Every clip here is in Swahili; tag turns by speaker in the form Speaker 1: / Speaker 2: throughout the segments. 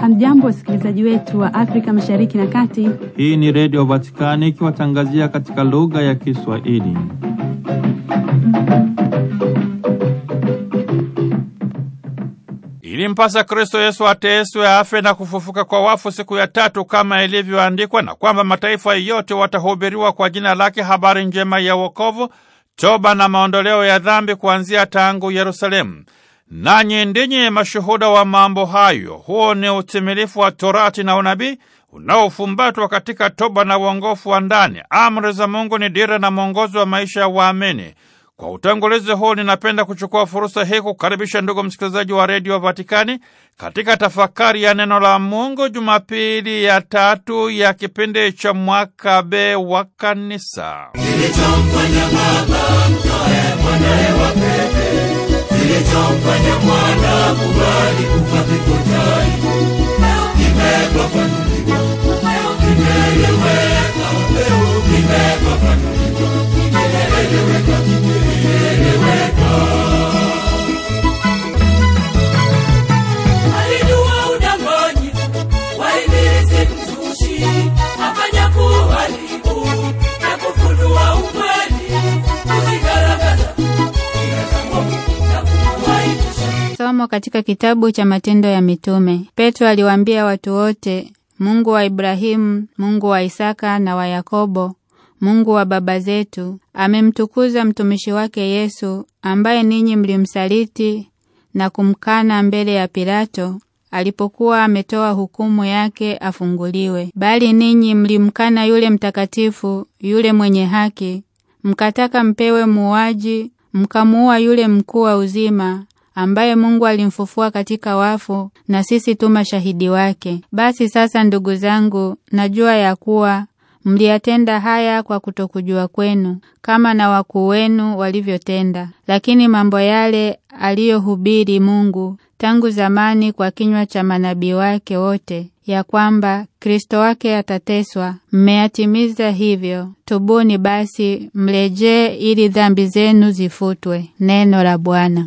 Speaker 1: Hamjambo, wasikilizaji wetu wa Afrika Mashariki na Kati.
Speaker 2: Hii ni Redio Vatikani ikiwatangazia katika lugha ya Kiswahili. mm Ilimpasa Kristo Yesu ateswe, afe na kufufuka kwa wafu siku ya tatu kama ilivyoandikwa, na kwamba mataifa yote watahubiriwa kwa jina lake habari njema ya wokovu, toba na maondoleo ya dhambi, kuanzia tangu Yerusalemu nanyi ndinyi mashuhuda wa mambo hayo. Huo ni utimilifu wa Torati na unabii unaofumbatwa katika toba na uongofu wa ndani. Amri za Mungu ni dira na mwongozo wa maisha ya waamini. Kwa utangulizi huu, ninapenda kuchukua fursa hii kukaribisha ndugu msikilizaji wa redio Vatikani katika tafakari ya neno la Mungu, Jumapili ya tatu ya kipindi cha mwaka B wa Kanisa
Speaker 3: kilichomfanya mwana kubali kufa kifo cha aibu kimefafanuliwa, kimeeleweka, kimeeleweka
Speaker 1: katika kitabu cha Matendo ya Mitume. Petro aliwaambia watu wote, Mungu wa Ibrahimu, Mungu wa Isaka na wa Yakobo, Mungu wa baba zetu, amemtukuza mtumishi wake Yesu ambaye ninyi mlimsaliti na kumkana mbele ya Pilato alipokuwa ametoa hukumu yake afunguliwe. Bali ninyi mlimkana yule mtakatifu, yule mwenye haki, mkataka mpewe muuaji, mkamuua yule mkuu wa uzima ambaye Mungu alimfufua katika wafu na sisi tu mashahidi wake. Basi sasa, ndugu zangu, najua ya kuwa mliyatenda haya kwa kutokujua kwenu, kama na wakuu wenu walivyotenda. Lakini mambo yale aliyohubiri Mungu tangu zamani kwa kinywa cha manabii wake wote, ya kwamba Kristo wake atateswa, mmeyatimiza hivyo. Tubuni basi, mlejee ili dhambi zenu zifutwe. Neno la Bwana.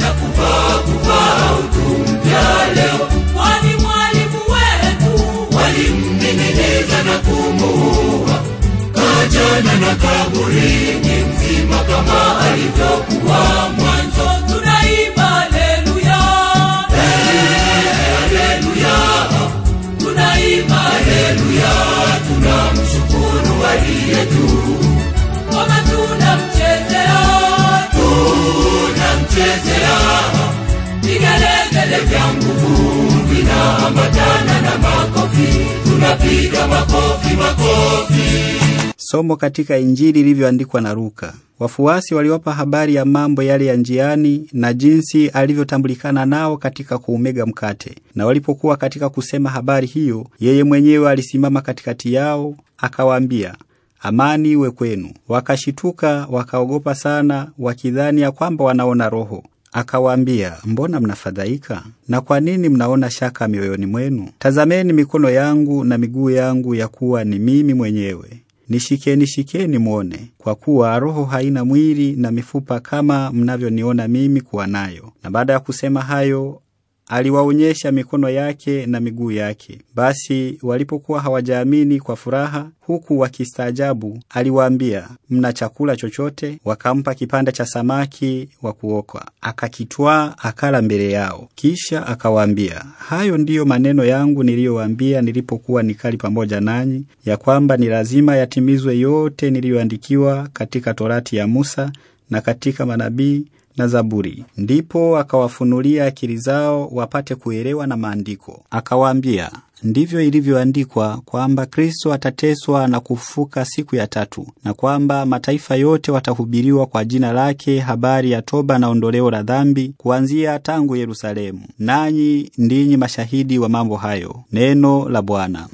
Speaker 3: leo kwani mwalimu wetu na kumuua kajana na kaburini mzima kama alivyokuwa mwanzo tunaimba haleluya haleluya tunaimba haleluya tunamshukuru
Speaker 4: Somo katika Injili ilivyoandikwa na Luka. Wafuasi waliwapa habari ya mambo yale ya njiani na jinsi alivyotambulikana nao katika kuumega mkate. Na walipokuwa katika kusema habari hiyo, yeye mwenyewe alisimama katikati yao akawaambia, amani iwe kwenu. Wakashituka wakaogopa sana, wakidhani ya kwamba wanaona roho. Akawaambia, mbona mnafadhaika na kwa nini mnaona shaka mioyoni mwenu? Tazameni mikono yangu na miguu yangu, ya kuwa ni mimi mwenyewe. Nishikeni, shikeni mwone, kwa kuwa roho haina mwili na mifupa kama mnavyoniona mimi kuwa nayo. Na baada ya kusema hayo, aliwaonyesha mikono yake na miguu yake. Basi walipokuwa hawajaamini kwa furaha, huku wakistaajabu, aliwaambia, mna chakula chochote? Wakampa kipande cha samaki wa kuokwa, akakitwaa akala mbele yao. Kisha akawaambia, hayo ndiyo maneno yangu niliyowaambia nilipokuwa nikali pamoja nanyi, ya kwamba ni lazima yatimizwe yote niliyoandikiwa katika Torati ya Musa na katika manabii na Zaburi. Ndipo akawafunulia akili zao wapate kuelewa na maandiko, akawaambia, ndivyo ilivyoandikwa kwamba Kristo atateswa na kufufuka siku ya tatu, na kwamba mataifa yote watahubiriwa kwa jina lake habari ya toba na ondoleo la dhambi, kuanzia tangu Yerusalemu. Nanyi ndinyi mashahidi wa mambo hayo. Neno la Bwana.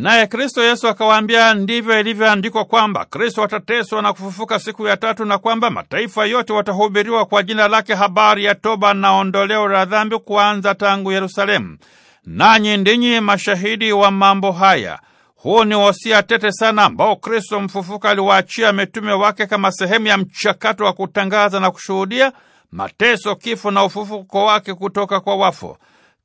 Speaker 2: Naye Kristo Yesu akawaambia, ndivyo ilivyoandikwa kwamba Kristo atateswa na kufufuka siku ya tatu, na kwamba mataifa yote watahubiriwa kwa jina lake habari ya toba na ondoleo la dhambi, kuanza tangu Yerusalemu. Nanyi ndinyi mashahidi wa mambo haya. Huu ni wosia tete sana ambao Kristo mfufuka aliwaachia mitume wake kama sehemu ya mchakato wa kutangaza na kushuhudia mateso, kifo na ufufuko wake kutoka kwa wafu.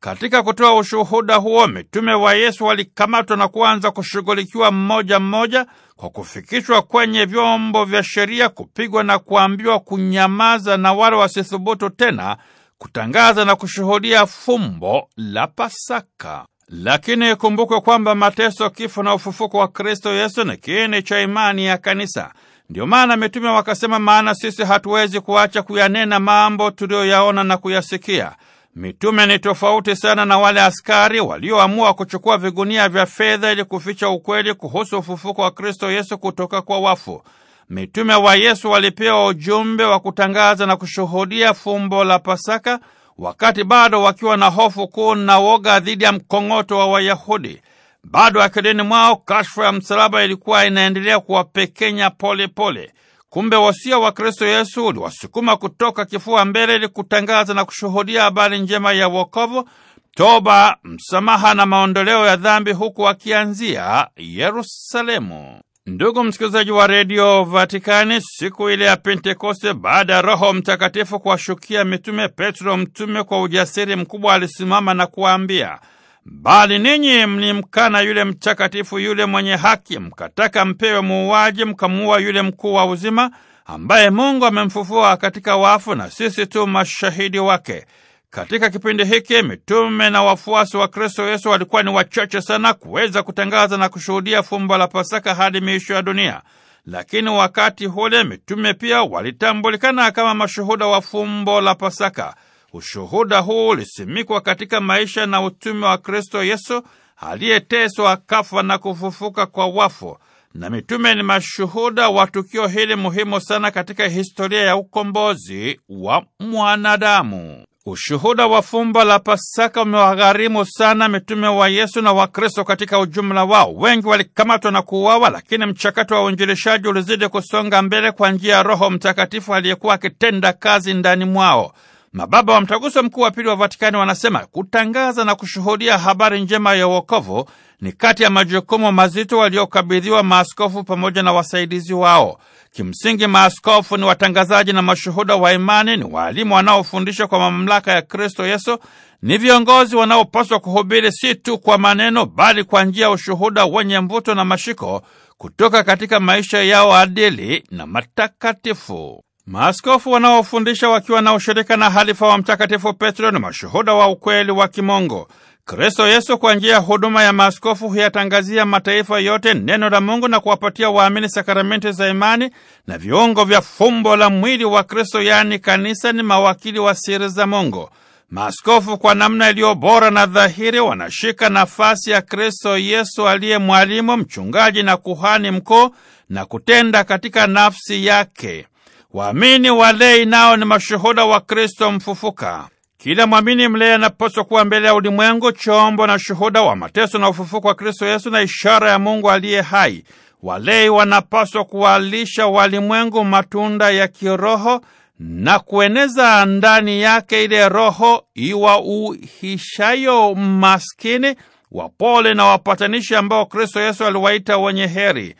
Speaker 2: Katika kutoa ushuhuda huo, mitume wa Yesu walikamatwa na kuanza kushughulikiwa mmoja mmoja kwa kufikishwa kwenye vyombo vya sheria, kupigwa na kuambiwa kunyamaza na wale wasithubutu tena kutangaza na kushuhudia fumbo la Pasaka. Lakini ikumbukwe kwamba mateso, kifo na ufufuko wa Kristo Yesu ni kiini cha imani ya kanisa. Ndiyo maana mitume wakasema, maana sisi hatuwezi kuacha kuyanena mambo tuliyoyaona na kuyasikia Mitume ni tofauti sana na wale askari walioamua kuchukua vigunia vya fedha ili kuficha ukweli kuhusu ufufuko wa Kristo Yesu kutoka kwa wafu. Mitume wa Yesu walipewa ujumbe wa kutangaza na kushuhudia fumbo la Pasaka wakati bado wakiwa na hofu kuu na woga dhidi ya mkong'oto wa Wayahudi. Bado akilini mwao kashfa ya msalaba ilikuwa inaendelea kuwapekenya polepole pole. Kumbe wasia wa Kristo Yesu uliwasukuma kutoka kifua mbele ili kutangaza na kushuhudia habari njema ya wokovu, toba, msamaha na maondoleo ya dhambi, huku wakianzia Yerusalemu. Ndugu msikilizaji wa redio Vatikani, siku ile ya Pentekoste, baada ya Roho Mtakatifu kuwashukia mitume, Petro mtume kwa ujasiri mkubwa alisimama na kuwaambia Bali ninyi mlimkana yule mtakatifu, yule mwenye haki, mkataka mpewe muuaji, mkamuua yule mkuu wa uzima, ambaye Mungu amemfufua katika wafu, na sisi tu mashahidi wake. Katika kipindi hiki mitume na wafuasi wa Kristo Yesu walikuwa ni wachache sana kuweza kutangaza na kushuhudia fumbo la Pasaka hadi miisho ya dunia, lakini wakati hule mitume pia walitambulikana kama mashuhuda wa fumbo la Pasaka. Ushuhuda huu ulisimikwa katika maisha na utume wa Kristo Yesu aliyeteswa akafa na kufufuka kwa wafu, na mitume ni mashuhuda wa tukio hili muhimu sana katika historia ya ukombozi wa mwanadamu. Ushuhuda wa fumba la Pasaka umewagharimu sana mitume wa Yesu na Wakristo katika ujumla wao. Wengi walikamatwa na kuuawa, lakini mchakato wa uinjilishaji ulizidi kusonga mbele kwa njia ya Roho Mtakatifu aliyekuwa akitenda kazi ndani mwao. Mababa wa Mtaguso Mkuu wa Pili wa Vatikani wanasema kutangaza na kushuhudia habari njema ya uokovu ni kati ya majukumu mazito waliokabidhiwa maaskofu pamoja na wasaidizi wao. Kimsingi, maaskofu ni watangazaji na mashuhuda wa imani, ni waalimu wanaofundisha kwa mamlaka ya Kristo Yesu, ni viongozi wanaopaswa kuhubiri si tu kwa maneno, bali kwa njia ya ushuhuda wenye mvuto na mashiko kutoka katika maisha yao adili na matakatifu. Maaskofu wanaofundisha wakiwa na ushirika na halifa wa Mtakatifu Petro ni mashuhuda wa ukweli wa kimongo Kristo Yesu kwa njia ya huduma ya maaskofu huyatangazia mataifa yote neno la Mungu na kuwapatia waamini sakramenti za imani na viungo vya fumbo la mwili wa Kristo, yaani kanisa, ni mawakili wa siri za Mungu. Maaskofu kwa namna iliyo bora na dhahiri wanashika nafasi ya Kristo Yesu aliye mwalimu, mchungaji na kuhani mkuu na kutenda katika nafsi yake. Waamini walei nao ni mashuhuda wa Kristo mfufuka. Kila mwamini mlei anapaswa kuwa mbele ya ulimwengu chombo na shuhuda wa mateso na ufufuko wa Kristo Yesu na ishara ya Mungu aliye hai. Walei wanapaswa kuwalisha walimwengu matunda ya kiroho na kueneza ndani yake ile roho iwauhishayo maskini, wapole na wapatanishi ambao Kristo Yesu aliwaita wenye heri.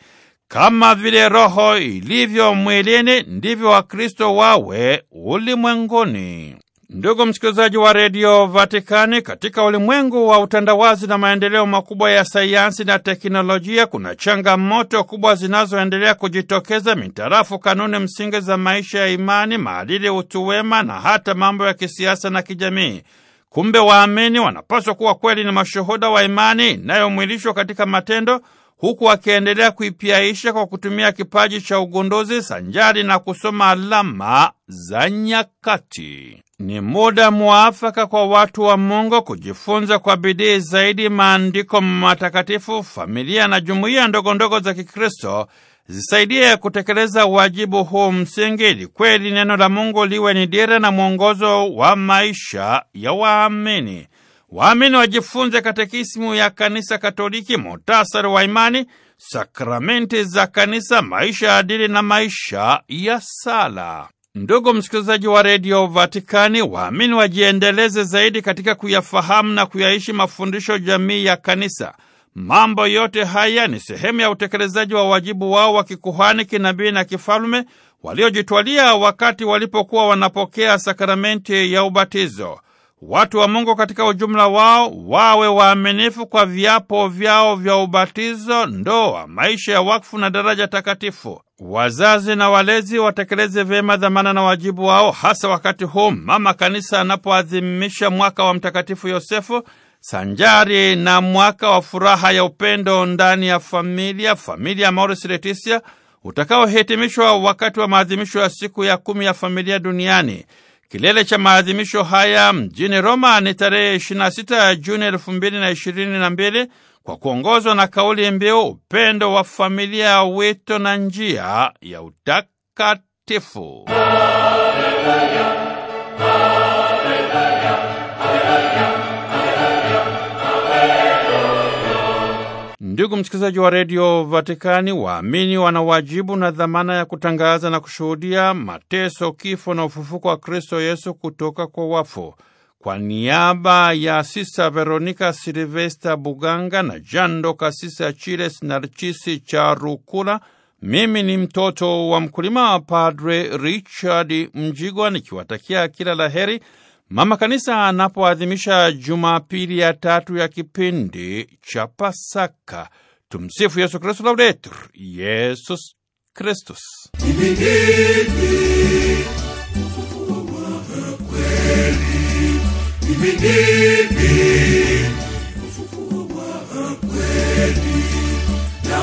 Speaker 2: Kama vile Roho ilivyo mwilini, ndivyo Wakristo wawe ulimwenguni. Ndugu msikilizaji wa redio Vatikani, katika ulimwengu wa utandawazi na maendeleo makubwa ya sayansi na teknolojia, kuna changamoto kubwa zinazoendelea kujitokeza mitarafu kanuni msingi za maisha ya imani, maadili, utu wema na hata mambo ya kisiasa na kijamii. Kumbe waamini wanapaswa kuwa kweli na mashuhuda wa imani inayomwilishwa katika matendo huku akiendelea kuipiaisha kwa kutumia kipaji cha ugunduzi sanjari na kusoma alama za nyakati. Ni muda mwafaka kwa watu wa Mungu kujifunza kwa bidii zaidi maandiko matakatifu. Familia na jumuiya ndogo ndogo za Kikristo zisaidie kutekeleza wajibu huu msingi, ili kweli neno la Mungu liwe ni dira na mwongozo wa maisha ya waamini waamini wajifunze katekisimu ya Kanisa Katoliki, muhtasari wa imani, sakramenti za kanisa, maisha ya adili na maisha ya sala. Ndugu msikilizaji wa redio Vatikani, waamini wajiendeleze zaidi katika kuyafahamu na kuyaishi mafundisho jamii ya kanisa. Mambo yote haya ni sehemu ya utekelezaji wa wajibu wao wa kikuhani, kinabii na kifalume waliojitwalia wakati walipokuwa wanapokea sakramenti ya ubatizo watu wa Mungu katika ujumla wao wawe waaminifu kwa viapo vyao vya ubatizo, ndoa, maisha ya wakfu na daraja takatifu. Wazazi na walezi watekeleze vyema dhamana na wajibu wao, hasa wakati huu mama kanisa anapoadhimisha mwaka wa Mtakatifu Yosefu sanjari na mwaka wa furaha ya upendo ndani ya familia, familia Amoris Laetitia, utakaohitimishwa wakati wa maadhimisho ya siku ya kumi ya familia duniani. Kilele cha maadhimisho haya mjini Roma ni tarehe 26 Juni 2022 kwa kuongozwa na kauli mbiu upendo wa familia, wito na njia ya utakatifu. Ndugu msikilizaji wa redio Vatikani, waamini wana wajibu na dhamana ya kutangaza na kushuhudia mateso, kifo na ufufuko wa Kristo Yesu kutoka kwa wafu. Kwa niaba ya Sisa Veronika Silvesta Buganga na Jando Kasisa Chiles Narchisi rukula mimi ni mtoto wa mkulima wa Padre Richard Mjigwa, nikiwatakia kila la heri Mama Kanisa anapoadhimisha Jumapili ya tatu ya kipindi cha Pasaka. Tumsifu Yesu Kristu, laudetur Yesus Kristus.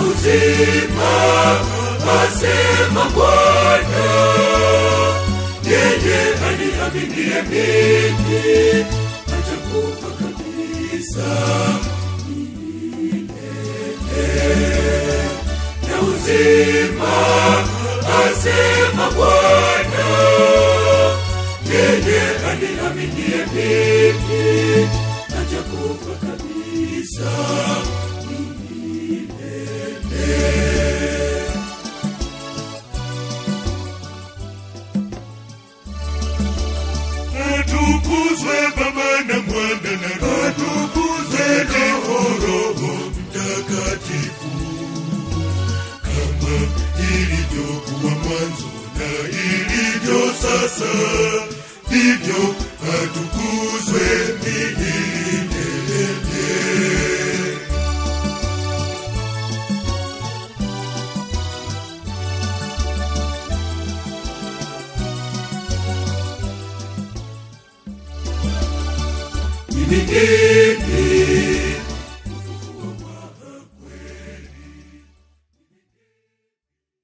Speaker 2: uzima asema Bwana.
Speaker 3: Yeye aliaminie mimi atakufa kabisa na uzima, asema Bwana. Yeye aniaminiye mimi hivyo katukuzwe